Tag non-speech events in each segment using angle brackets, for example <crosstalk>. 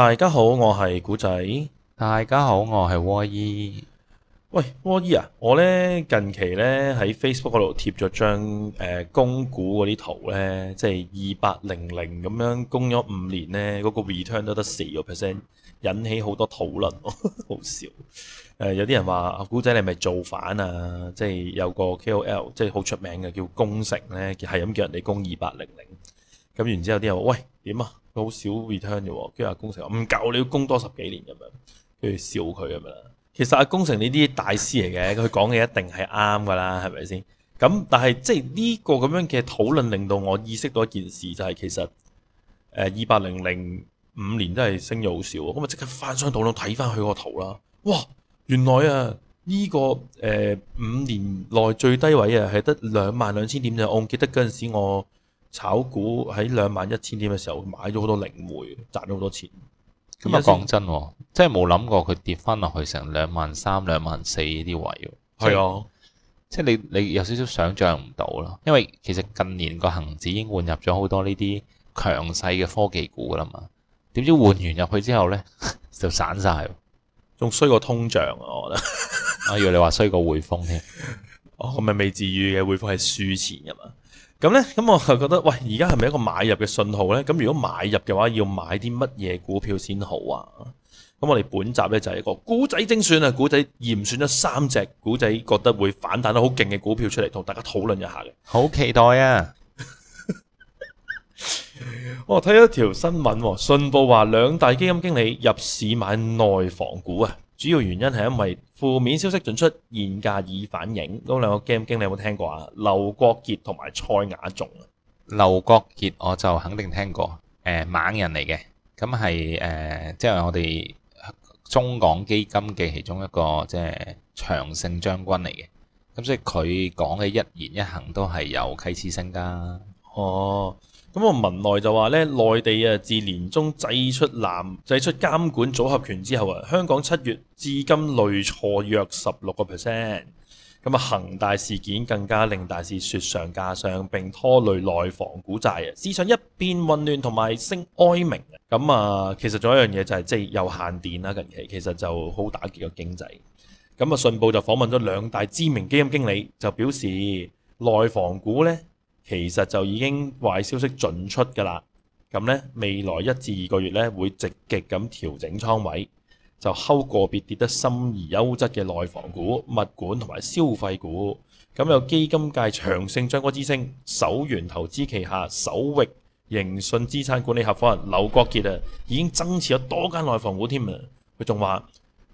大家好，我係古仔。大家好，我係窩伊。喂，窩伊啊，我呢近期呢喺 Facebook 嗰度貼咗張誒供，呃、股嗰啲圖呢，即係二八零零咁樣供咗五年呢，嗰，那個 return 都得四個 percent，引起好多討論， <laughs> 好笑。誒、呃，有啲人話阿古仔你咪造反啊！即係有個 KOL 即係好出名嘅叫攻城呢，係咁叫人哋供二八零零，咁然之後啲人話，喂，點啊？好少 return 啫，跟住阿工程話唔夠，你要供多十幾年咁樣，跟住笑佢咁樣啦。其實阿工程呢啲大師嚟嘅，佢講嘅一定係啱㗎啦，係咪先？咁但係即係呢、這個咁樣嘅討論，令到我意識到一件事、就係，就係其實誒二八零零五年真係升咗好少，咁啊即刻翻上圖度睇翻佢個圖啦。哇，原來啊呢、這個誒五、呃、年內最低位啊係得兩萬兩千點啫，我唔記得嗰陣時我。炒股喺兩萬一千點嘅時候買咗好多靈媒，賺咗好多錢。咁啊講真，真係冇諗過佢跌翻落去成兩萬三、兩萬四呢啲位喎。係啊，即係你你有少少想像唔到啦。因為其實近年個恒指已經換入咗好多呢啲強勢嘅科技股啦嘛。點知換完入去之後呢， <laughs> 就散晒喎，仲衰過通脹啊！我覺得，阿耀、 <laughs> 啊、你話衰過匯豐添。哦，咁咪未至於嘅匯豐係輸錢㗎嘛。咁呢咁我就覺得，喂，而家係咪一個買入嘅信號呢？咁如果買入嘅話，要買啲乜嘢股票先好啊？咁我哋本集呢，就係一個古仔精選啊，古仔嚴選咗三隻古仔，覺得會反彈得好勁嘅股票出嚟，同大家討論一下嘅。好期待啊！我睇咗條新聞，信報話兩大基金經理入市買內房股啊！主要原因係因為負面消息盡出，現價已反映。嗰兩個 game 經理，你有冇聽過啊？劉國傑同埋蔡雅仲啊。劉國傑我就肯定聽過，誒、呃、猛人嚟嘅，咁係誒即係我哋中港基金嘅其中一個即係、就是、長勝將軍嚟嘅。咁所以佢講嘅一言一行都係有啟示性噶。哦。咁啊，文內就話咧，內地啊，自年中祭出南祭出監管組合拳之後啊，香港七月至今累挫約十六個 percent。咁啊，恒大事件更加令大市雪上加霜，並拖累內房股債。市場一片混亂，同埋聲哀鳴。咁啊，其實仲有一樣嘢就係即係有限電啦，近期其實就好打擊個經濟。咁啊，信報就訪問咗兩大知名基金經理，就表示內房股咧。其實就已經壞消息盡出㗎啦，咁呢未來一至二個月呢，會積極咁調整倉位，就溝個別跌得深而優質嘅內房股、物管同埋消費股。咁有基金界長勝將軍之稱，首源投資旗下首域盈信資產管理合夥人劉國傑啊，已經增持咗多間內房股添啊！佢仲話：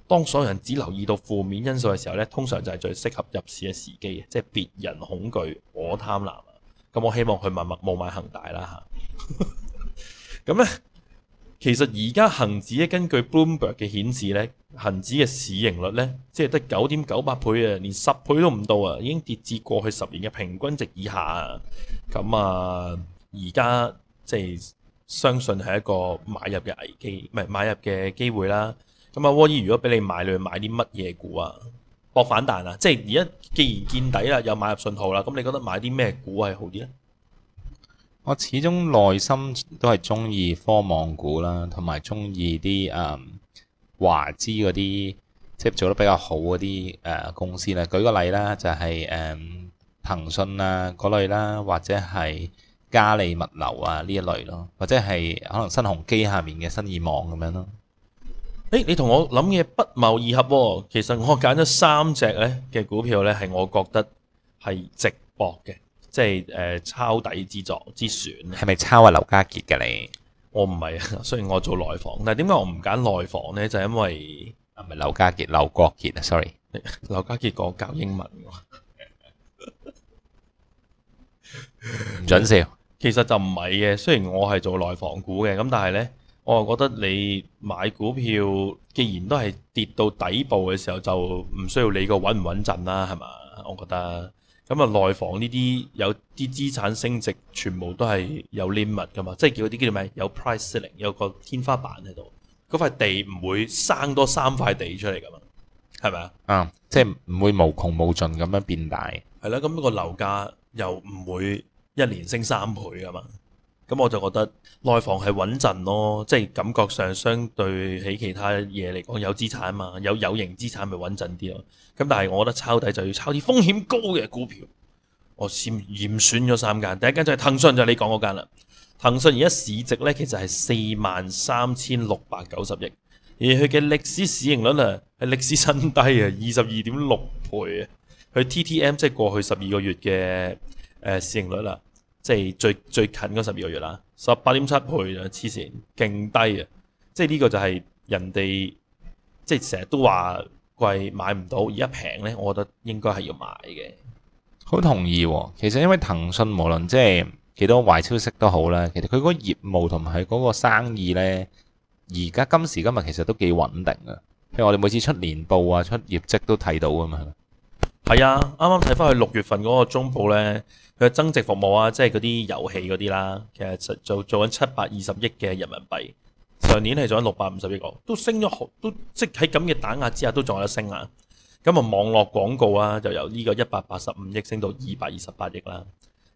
當所有人只留意到負面因素嘅時候呢，通常就係最適合入市嘅時機，即係別人恐懼，我貪婪。咁我希望佢密密，冇買恒大啦吓。咁咧，其實而家恒指咧，根據 Bloomberg 嘅顯示咧，恒指嘅市盈率咧，即係得九點九八倍啊，連十倍都唔到啊，已經跌至過去十年嘅平均值以下啊。咁啊，而家即係相信係一個買入嘅危機，唔係買入嘅機會啦。咁啊，沃爾如果俾你買，你買啲乜嘢股啊？博反彈啦，即係而家既然見底啦，又買入信號啦，咁你覺得買啲咩股係好啲咧？我始終內心都係中意科網股啦，同埋中意啲誒華資嗰啲，即係做得比較好嗰啲誒公司啦，舉個例啦，就係誒騰訊啊嗰類啦，或者係嘉里物流啊呢一類咯，或者係可能新鴻基下面嘅新意網咁樣咯。誒、欸,你同我諗嘅不謀而合喎、哦。其實我揀咗三隻咧嘅股票咧，係我覺得係值博嘅，即係誒抄底之作之選。係咪抄啊劉家杰嘅你？我唔係，雖然我做內房，但係點解我唔揀內房咧？就是、因為唔係劉家傑，劉國杰啊，sorry。劉家杰講教英文、啊，唔 <laughs> 准笑。其實就唔係嘅，雖然我係做內房股嘅，咁但係咧。我覺得你買股票，既然都係跌到底部嘅時候，就唔需要理個穩唔穩陣啦，係嘛？我覺得咁啊，內房呢啲有啲資產升值，全部都係有 limit 㗎嘛，即係叫啲叫做咩？有 price ceiling，有個天花板喺度。嗰塊地唔會生多三塊地出嚟㗎嘛，係咪啊？啊，即係唔會無窮無盡咁樣變大。係啦，咁個樓價又唔會一年升三倍㗎嘛？咁我就覺得內房係穩陣咯，即係感覺上相對起其他嘢嚟講，有資產嘛，有有形資產咪穩陣啲咯。咁但係我覺得抄底就要抄啲風險高嘅股票。我先嚴選咗三間，第一間就係騰訊，就係、是、你講嗰間啦。騰訊而家市值咧其實係四萬三千六百九十億，而佢嘅歷史市盈率啊係歷史新低啊，二十二點六倍啊。佢 TTM 即係過去十二個月嘅誒市盈率啦。即係最最近嗰十二個月啦，十八點七倍啊，黐線，勁低啊！即係呢個就係人哋即係成日都話貴買唔到，而家平呢，我覺得應該係要買嘅。好同意喎。哦，其實因為騰訊無論即係幾多壞消息都好啦，其實佢個業務同埋佢個生意呢，而家今時今日其實都幾穩定啊。譬如我哋每次出年報啊、出業績都睇到啊嘛。係啊，啱啱睇翻去六月份嗰個中報咧，佢嘅增值服務啊，即係嗰啲遊戲嗰啲啦，其實就做做緊七百二十億嘅人民幣，上年係做緊六百五十億個，都升咗好，都即係喺咁嘅打壓之下都仲有得升啊。咁啊，網絡廣告啊，就由呢個一百八十五億升到二百二十八億啦。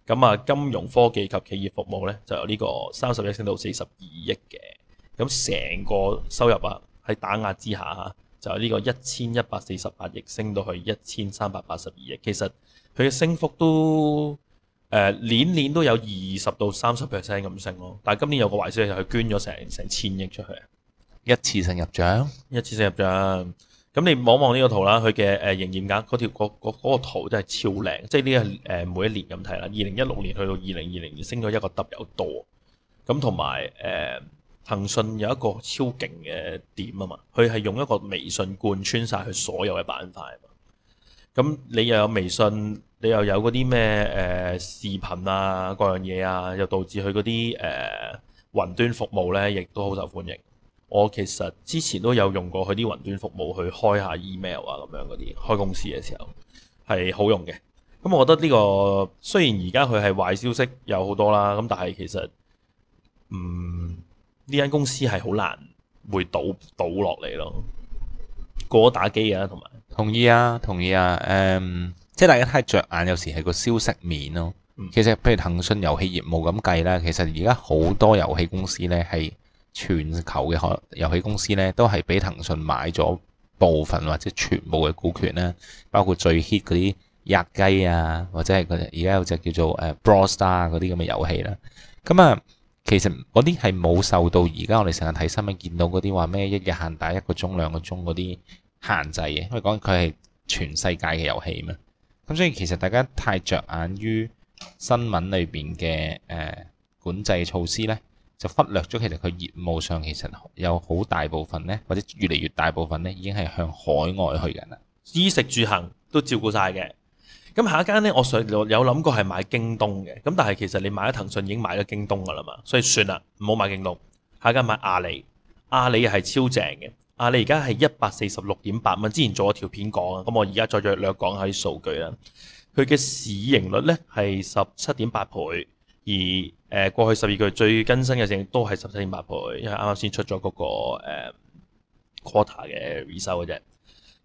咁啊，金融科技及企業服務咧，就由呢個三十億升到四十二億嘅。咁成個收入啊，喺打壓之下就係呢個一千一百四十八億升到去一千三百八十二億，其實佢嘅升幅都誒、呃、年年都有二十到三十 percent 咁升咯，但係今年有個壞消息就係佢捐咗成成千億出去，一次性入帳，一次性入帳。咁你望望呢個圖啦，佢嘅誒營業額嗰條嗰、嗰個嗰個圖真係超靚，即係呢個誒每一年咁睇啦，二零一六年去到二零二零年升咗一個特別多，咁同埋誒。呃騰訊有一個超勁嘅點啊嘛，佢係用一個微信貫穿晒佢所有嘅板塊嘛。咁你又有微信，你又有嗰啲咩誒視頻啊各樣嘢啊，又導致佢嗰啲誒雲端服務呢亦都好受歡迎。我其實之前都有用過佢啲雲端服務去開下 email 啊咁樣嗰啲，開公司嘅時候係好用嘅。咁我覺得呢、呢個雖然而家佢係壞消息有好多啦，咁但係其實嗯。呢間公司係好難會倒倒落嚟咯，過咗打機啊，同埋同意啊，同意啊，誒、嗯，即係大家睇着眼，有時係個消息面咯。嗯、其實比騰訊遊戲，譬如騰訊遊戲業務咁計啦，其實而家好多遊戲公司咧係全球嘅遊戲公司咧，都係俾騰訊買咗部分或者全部嘅股權啦。包括最 hit 嗰啲吔雞啊，或者係而家有隻叫做 Brawl Star 嗰啲咁嘅遊戲啦。咁啊～其實嗰啲係冇受到而家我哋成日睇新聞見到嗰啲話咩一日限打一個鐘兩個鐘嗰啲限制嘅，因為講佢係全世界嘅遊戲嘛。咁所以其實大家太着眼於新聞裏面嘅誒、呃、管制措施呢，就忽略咗其實佢業務上其實有好大部分呢，或者越嚟越大部分呢，已經係向海外去嘅啦。衣食住行都照顧晒嘅。咁下一間呢，我上有有諗過係買京東嘅，咁但係其實你買咗騰訊，已經買咗京東噶啦嘛，所以算啦，唔好買京東。下一間買阿里，阿里係超正嘅。阿里而家係一百四十六點八蚊，之前做咗條片講啊，咁我而家再略略講下啲數據啦。佢嘅市盈率呢係十七點八倍，而誒過去十二個月最更新嘅成都係十七點八倍，因為啱啱先出咗嗰、嗰個、呃、quarter 嘅 result 嘅啫。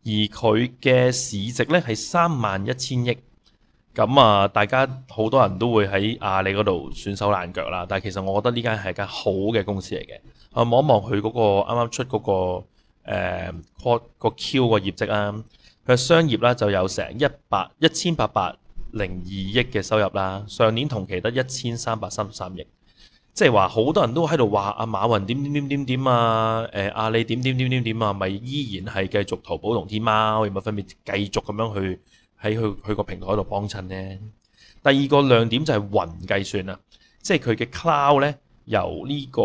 而佢嘅市值呢係三萬一千億。咁啊，大家好多人都會喺阿里嗰度損手爛腳啦，但係其實我覺得呢間係間好嘅公司嚟嘅。啊、那個，望一望佢嗰個啱啱出嗰個誒個 Q 個業績啊，佢商業啦就有成一百一千八百零二億嘅收入啦，上年同期得一千三百三十三億。即係話好多人都喺度話阿馬雲點點點點點啊，誒阿里點點點點點啊，咪依然係繼續淘寶同天貓，咪分別繼續咁樣去。喺佢佢個平台度幫襯咧。第二個亮點就係雲計算啦，即係佢嘅 cloud 咧由呢個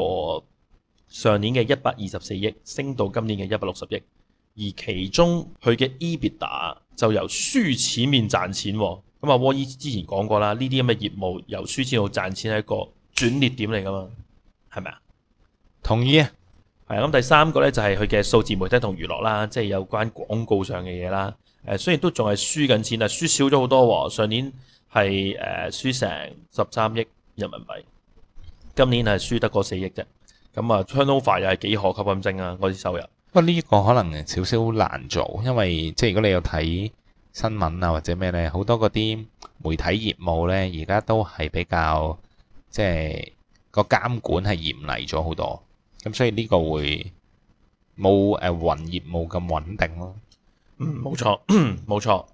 上年嘅一百二十四億升到今年嘅一百六十億，而其中佢嘅 EBITDA 就由輸錢面賺錢。咁啊，沃爾之前講過啦，呢啲咁嘅業務由輸錢到賺錢係一個轉捩點嚟噶嘛，係咪啊？同意啊，係啊。咁第三個咧就係佢嘅數字媒體同娛樂啦，即係有關廣告上嘅嘢啦。誒，雖然都仲係輸緊錢，但輸少咗好多。上年係誒輸成十三億人民幣，今年係輸得嗰四億啫。咁啊，Channel Five 又係幾何級咁正啊？嗰啲收入，不過呢一個可能少少難做，因為即係如果你有睇新聞啊或者咩咧，好多嗰啲媒體業務咧，而家都係比較即係個監管係嚴厲咗好多，咁所以呢個會冇誒雲業務咁穩定咯。嗯，冇錯，冇錯。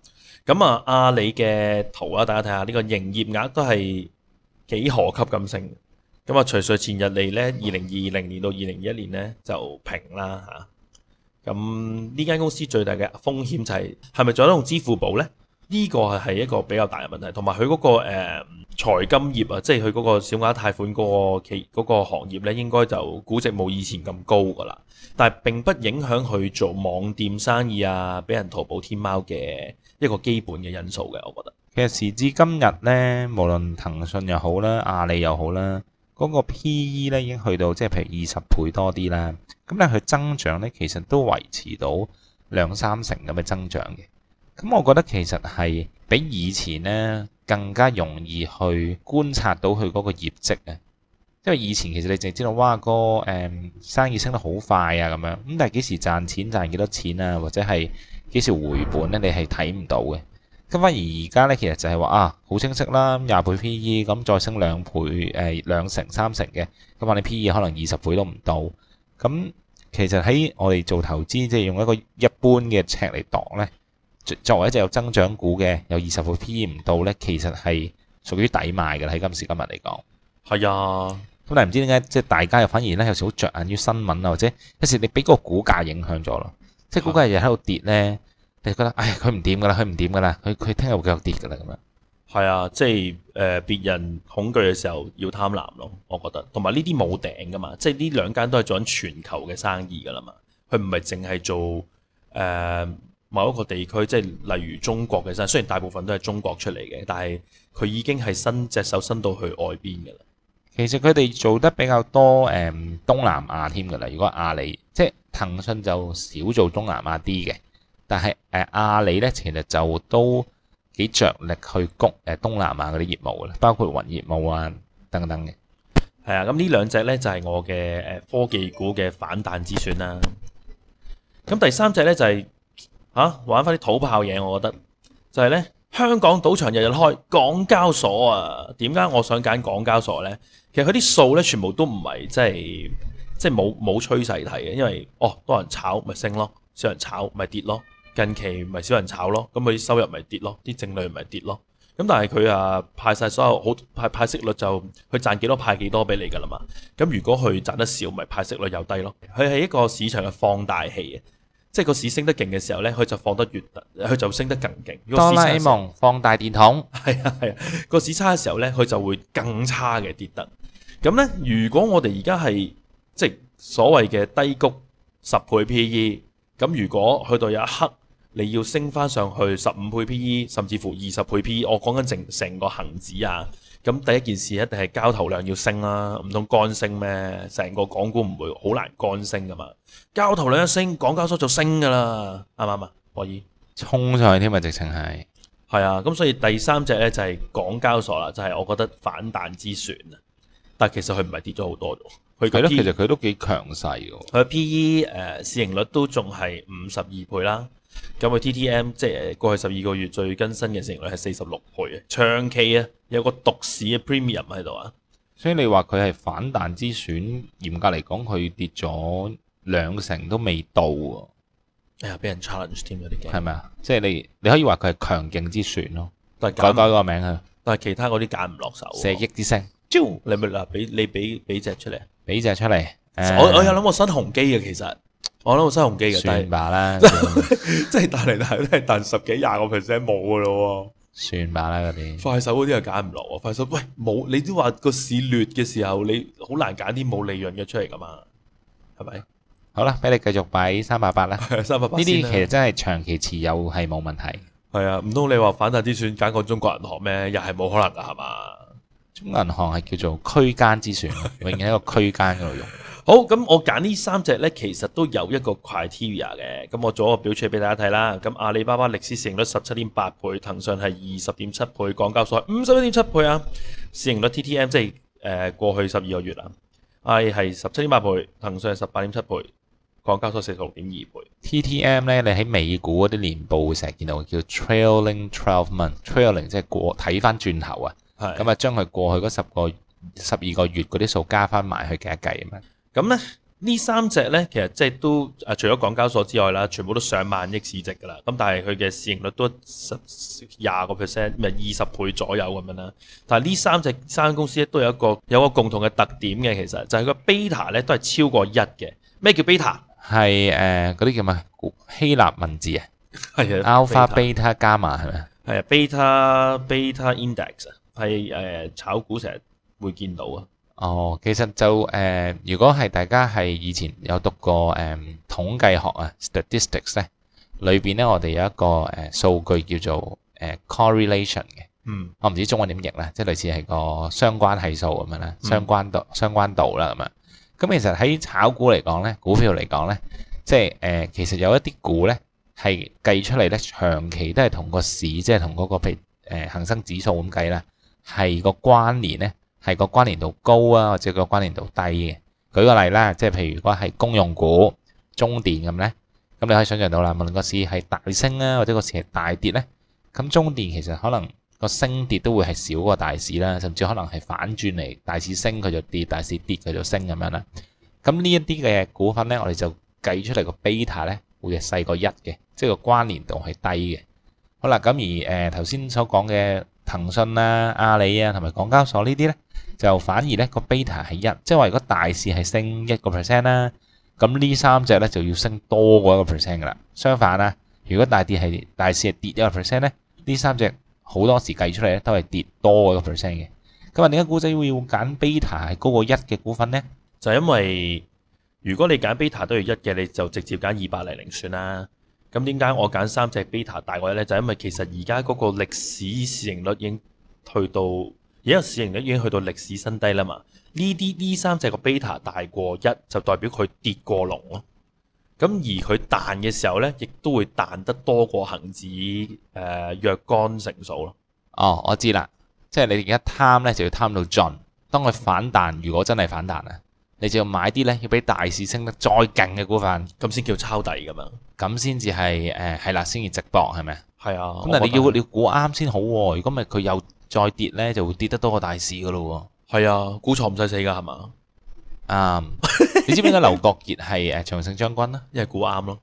咁 <coughs> 啊，阿里嘅圖啊，大家睇下呢個營業額都係幾何級咁升。咁啊，除稅前日嚟咧，二零二零年到二零二一年咧就平啦嚇。咁呢間公司最大嘅風險就係係咪再用支付寶咧？呢個係係一個比較大嘅問題，同埋佢嗰個誒財金業啊，即係佢嗰個小額貸款嗰個企嗰個行業呢，應該就估值冇以前咁高噶啦。但係並不影響佢做網店生意啊，俾人淘寶、天貓嘅一個基本嘅因素嘅，我覺得。其實時至今日呢，無論騰訊又好啦，阿里又好啦，嗰個 PE 咧，已經去到即係譬如二十倍多啲啦。咁咧，佢增長呢，其實都維持到兩三成咁嘅增長嘅。咁我覺得其實係比以前咧更加容易去觀察到佢嗰個業績啊，因為以前其實你淨係知道哇個誒生意升得好快啊咁樣，咁但係幾時賺錢賺幾多錢啊，或者係幾時回本咧？你係睇唔到嘅。咁反而而家咧，其實就係話啊，好清晰啦，廿倍 P E 咁再升兩倍誒兩成三成嘅，咁話你 P E 可能二十倍都唔到。咁其實喺我哋做投資，即係用一個一般嘅尺嚟度咧。作作為一隻有增長股嘅，有二十股 P 唔到呢，其實係屬於抵賣嘅啦。喺今時今日嚟講，係啊，咁但係唔知點解，即係大家又反而呢，有時好着眼於新聞啊，或者有時你俾個股價影響咗咯，啊、即係股價日日喺度跌呢，你就覺得唉，佢唔掂噶啦，佢唔掂噶啦，佢佢聽日繼續跌噶啦咁樣。係啊，即係誒，別人恐懼嘅時候要貪婪咯，我覺得。同埋呢啲冇頂噶嘛，即係呢兩間都係做緊全球嘅生意噶啦嘛，佢唔係淨係做、呃某一個地區，即係例如中國嘅身，雖然大部分都係中國出嚟嘅，但係佢已經係伸隻手伸到去外邊㗎啦。其實佢哋做得比較多誒、嗯、東南亞添㗎啦。如果係阿里即係騰訊就少做東南亞啲嘅，但係誒、呃、阿里咧，其實就都幾着力去谷誒、呃、東南亞嗰啲業務啦，包括雲業務啊等等嘅係啊。咁呢兩隻呢，就係、是、我嘅、呃、科技股嘅反彈之選啦。咁第三隻呢，就係、是。啊、玩翻啲土炮嘢，我覺得就係、是、呢。香港賭場日日開，港交所啊，點解我想揀港交所呢？其實佢啲數呢，全部都唔係即係即係冇冇趨勢睇嘅，因為哦多人炒咪升咯，少人炒咪跌咯，近期咪少人炒咯，咁佢收入咪跌咯，啲淨利咪跌咯。咁但係佢啊派晒所有好派派息率就佢賺幾多派幾多俾你㗎啦嘛。咁如果佢賺得少咪派息率又低咯。佢係一個市場嘅放大器。即係個市升得勁嘅時候咧，佢就放得越，佢就升得更勁。市你望放大電筒，係啊係啊，個市差嘅時候咧，佢就會更差嘅跌得。咁咧，如果我哋而家係即係所謂嘅低谷十倍 PE，咁如果去到有一刻。你要升翻上去十五倍 P E，甚至乎二十倍 P E。我講緊成成個恒指啊，咁第一件事一定係交投量要升啦，唔通乾升咩？成個港股唔會好難乾升噶嘛。交投量一升，港交所就升噶啦，啱唔啱啊？博依，衝上去添，咪直情係。係啊，咁所以第三隻呢就係港交所啦，就係、是、我覺得反彈之選啊。但其實佢唔係跌咗好多啫。佢其實佢都幾強勢㗎。佢 P E 誒市盈率都仲係五十二倍啦。咁啊，T T M 即係過去十二個月最更新嘅市盈率係四十六倍，長期啊，長期啊有個獨市嘅 premium 喺度啊，所以你話佢係反彈之選，嚴格嚟講佢跌咗兩成都未到哎呀，俾人 challenge 添嗰啲，係咪啊？即係你你可以話佢係強勁之選咯，改改個名啊，但係其他嗰啲揀唔落手，射億之星，招你咪啦，俾你俾俾隻出嚟，俾隻出嚟、嗯，我我有諗過新鴻基嘅其實。我諗我收紅機嘅，算吧啦，即係是 <laughs> 大嚟大去都係賺十幾廿個 percent 冇嘅咯，算吧啦，嗰快手嗰啲又揀唔落，快手喂冇，你都話個市劣嘅時候，你好難揀啲冇利潤嘅出嚟噶嘛，係咪？好啦，俾你繼續擺，三百八啦，三百八呢啲其實真係長期持有係冇問題。係 <laughs> 啊，唔通你話反彈之選揀個中國銀行咩？又係冇可能噶係嘛？中國銀行係叫做區間之選， <laughs> 永遠一個區間度用。 <laughs> 好咁，我揀呢三隻呢，其實都有一個 criteria 嘅。咁我做咗個表出嚟俾大家睇啦。咁阿里巴巴歷史市盈率十七點八倍，騰訊係二十點七倍，港交所係五十一點七倍啊。市盈率 TTM 即係誒過去十二個月啊，係係十七點八倍，騰訊係十八點七倍，港交所四十六點二倍。TTM 呢，你喺美股嗰啲年報成日見到叫 trailing twelve month，trailing 即係過睇翻轉頭啊，咁啊將佢過去嗰十個十二個月嗰啲數加翻埋去計一計啊。咁咧，呢三隻咧，其實即係都、啊、除咗港交所之外啦，全部都上萬億市值噶啦。咁但係佢嘅市盈率都十廿個 percent，咪二十倍左右咁樣啦。但係呢三隻三間公司咧，都有一個有一個共同嘅特點嘅，其實就係個 beta 咧都係超過一嘅。咩叫 beta？係誒嗰啲、呃、叫咩古希臘文字啊？係 Alpha、beta、gamma 係咪？係啊，beta beta index 係誒、呃、炒股成日會見到啊。哦，其實就誒、呃，如果係大家係以前有讀過誒、呃、統計學啊，statistics 咧，裏邊咧我哋有一個誒、呃、數據叫做誒 correlation 嘅，呃、Cor 嗯，我唔知中文點譯呢？即係類似係個相關係數咁樣啦，嗯、相關度、相關度啦咁樣。咁其實喺炒股嚟講咧，股票嚟講咧，即係誒、呃，其實有一啲股咧係計出嚟咧，長期都係同個市，即係同嗰個譬如誒恒生指數咁計啦，係個關聯咧係個關聯度高啊，或者個關聯度低嘅。舉個例啦，即係譬如如果係公用股、中電咁咧，咁你可以想象到啦，無論個市係大升啊，或者個市係大跌咧，咁中電其實可能個升跌都會係少過大市啦，甚至可能係反轉嚟，大市升佢就跌，大市跌佢就升咁樣啦。咁呢一啲嘅股份咧，我哋就計出嚟個 beta 咧會係細過一嘅，即係個關聯度係低嘅。好啦，咁而誒頭先所講嘅，騰訊啊、阿里啊，同埋港交所呢啲咧，就反而咧個 beta 係一，即係話如果大市係升一個 percent 啦，咁呢三隻咧就要升多過一個 percent 嘅啦。相反啦、啊，如果大跌係大市係跌一個 percent 咧，呢三隻好多時計出嚟咧都係跌多過一個 percent 嘅。咁啊，點解古仔會要揀 beta 係高過一嘅股份咧？就因為如果你揀 beta 都要一嘅，你就直接揀二百零零算啦。咁點解我揀三隻 beta 大過一咧？就係因為其實而家嗰個歷史市盈率已經去到，而家市盈率已經去到歷史新低啦嘛。呢啲呢三隻個 beta 大過一就代表佢跌過龍咯。咁而佢彈嘅時候咧，亦都會彈得多過恒指誒若干成數咯。哦，我知啦，即係你而家貪咧就要貪到盡。當佢反彈，如果真係反彈咧？你就要買啲呢，要俾大市升得再勁嘅股份，咁先叫抄底咁樣，咁先至係誒係啦，先至直播係咪係係啊，咁但係你要你估啱先好喎，啊，如果咪佢又再跌呢，就會跌得多過大市噶咯喎。係啊，估錯唔使死噶係嘛？啱，um, 你知唔知啊？劉國杰係誒長勝將軍啦， <laughs> 因為估啱咯。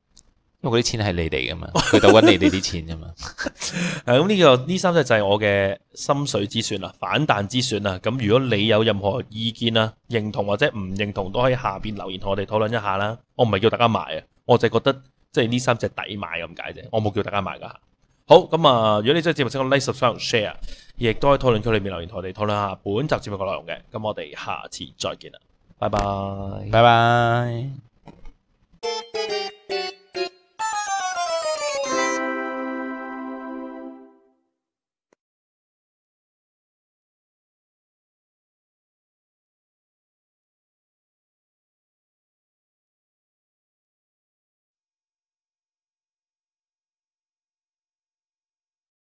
因為嗰啲錢係你哋噶嘛，佢、 <laughs> 這個、就搵你哋啲錢噶嘛。咁呢個呢三隻就係我嘅心水之選啦，反彈之選啦。咁如果你有任何意見啊，認同或者唔認同，都可以下邊留言同我哋討論一下啦。我唔係叫大家買啊，我就係覺得即係呢三隻抵買咁解啫。我冇叫大家買噶。好，咁啊，如果你中意節目，請個 like、subscribe、share，亦都可以討論區裏面留言同我哋討論下本集節目嘅內容嘅。咁我哋下次再見啦，拜拜，拜拜。